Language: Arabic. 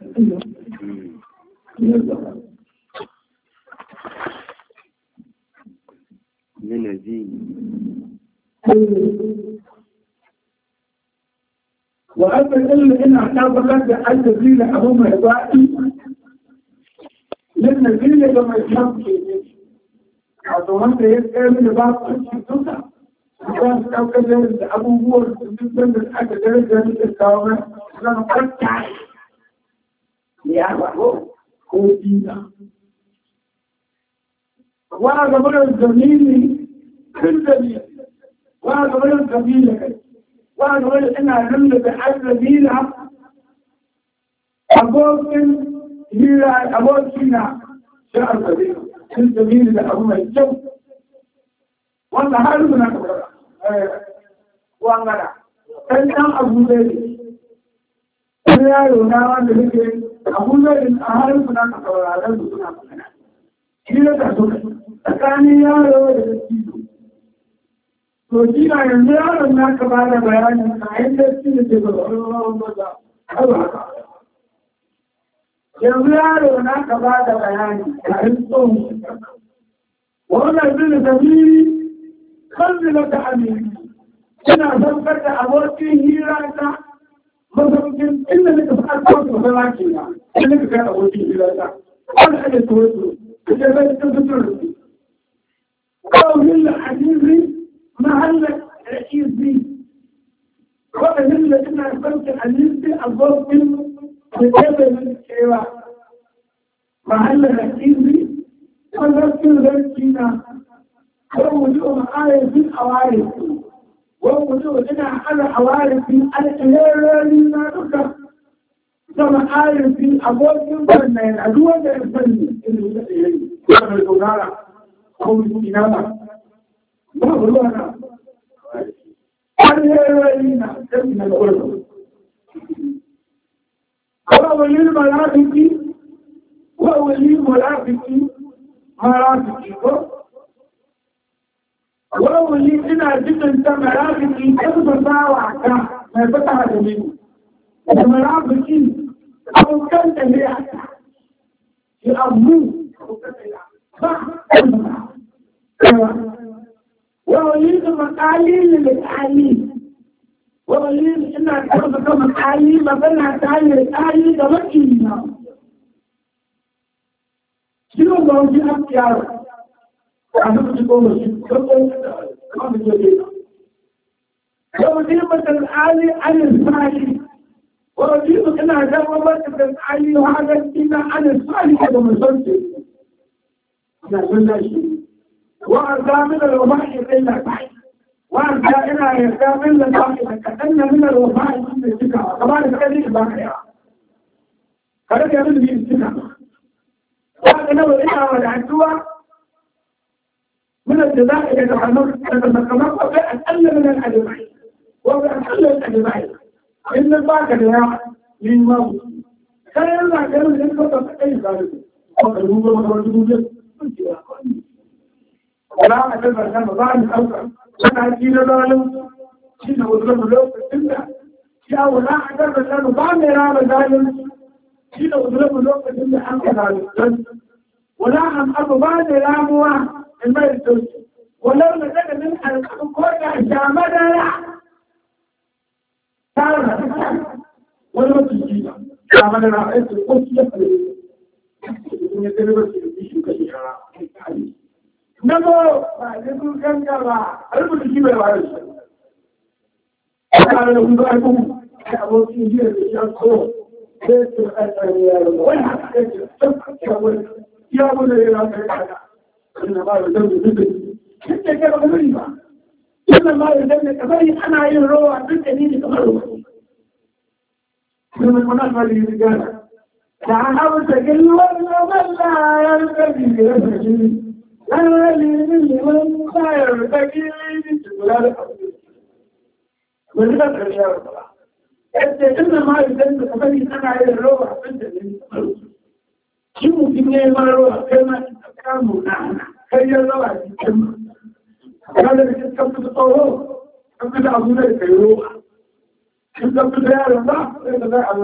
من الزين وأما العلم إن أعتبر لك أن الزين عموما إضائي لأن الزين لما يشمس wato wanda ya tsaye mini ba su ci duka zan ɗaukar da abubuwan da duk da aka daraja da kawo na zan kwanta لأخذه كوتينا وهذا من الزميل في الزميل وهذا من الزميل وهذا من إنها نملة الزميل أبوكن هي أبوكنا شعر الزميل في الزميل لأبوه الجو وأنا هذا من أكبر وأنا كان أبو ذلك wani yaro na wanda nake abuzarin a harin suna ka sauraron su suna magana shi ne ka so tsakanin yaro da dattijo to shi na yanzu yaron na ka ba da bayanin a yin dattijo ke ba wani wani maza har haka yanzu yaro na ka ba da bayani a yin tsohon wannan zini tafiri kan zina ta amiri ina saukar da abokin hira ta mazaunin inda nika fara kawai da zama ke na inda nika kada wajen ilata wani hada ta wasu da zai ta zutar rufi kawai da azizi mahallar ra'izi wadannan da ina sarki azizi a zofin da tebenin cewa mahallar ra'izi mazaunin zarki na kawai wajen ma'ayar bin awaye وقلوا لنا على عوارفي على إلالي ما نكر كما عارفي أبوك ينبرنا الأدوة ينبرني إنه إليه كما الدولارة قولوا إنما ما هو أنا ألينا كمنا الأرض أنا ولي الملافكي وولي الملافكي مرافقي wani ina jikin ta marafiki ƙarfafa wa ka mai fata da ne da marafiki abokan da ne a ta shi abu ba wani da makalili da tsali wani ina ƙarfafa makali magana ta yi tsali da makilina. Shi ne ba wani afiyarwa. وظيفة الآلي عن الفاعل وظيفة أنها جربت الآلي وهذا الدين عن الفاعل هذا مسلسل أنا سنة شيء وأرجع من الوفاء إلا فاعل وأرجع إلى يرجع من الفاعل كأن من الوفاء من الثقة كمان كذلك باقية كذلك من الثقة وأنا لو إلى ودعتها من الجزاء يتخلق اقل من الأجمعين وبأقل الأجمعين إن الباقي يا للموت كان لا كان ينقطع أي ذلك وقالوا له ما تقول لا أتذكر كان ظالم أوكر أنا أكيد ظالم شيء وظلم له إلا يا ولا أتذكر كان ظالم ظالم شيء وظلم له إلا أنت ظالم ولا أم أبو بعد راموا الماء الدوسي ولو نزل من الكوكا جامدنا تعالى ولو تجينا جامدنا رأيت القدس يقلب نمو بعدين كان جرا ألم تجيب الوالد قال لهم بعدهم أبو تجيب الشخص بيت الأسرية وين حكيت يا ولد يا ولد يا ولد wannan ba ya zama zubin duk da ke ba zuri ba wannan ba ya zama kabari ana yin rawa duk da ni da kamar ruwa من منافع للرجال تعهبت كل من لا يرتدي بنفسه الذي من لا يرتدي بسؤال وزيرة الرجال إن ما يزال تقبلي أنا على الروح بنت شو ممكن ما روح كما كانوا نحن lafiyayyen zama a cikin kada da kin kan fita tsoro da zai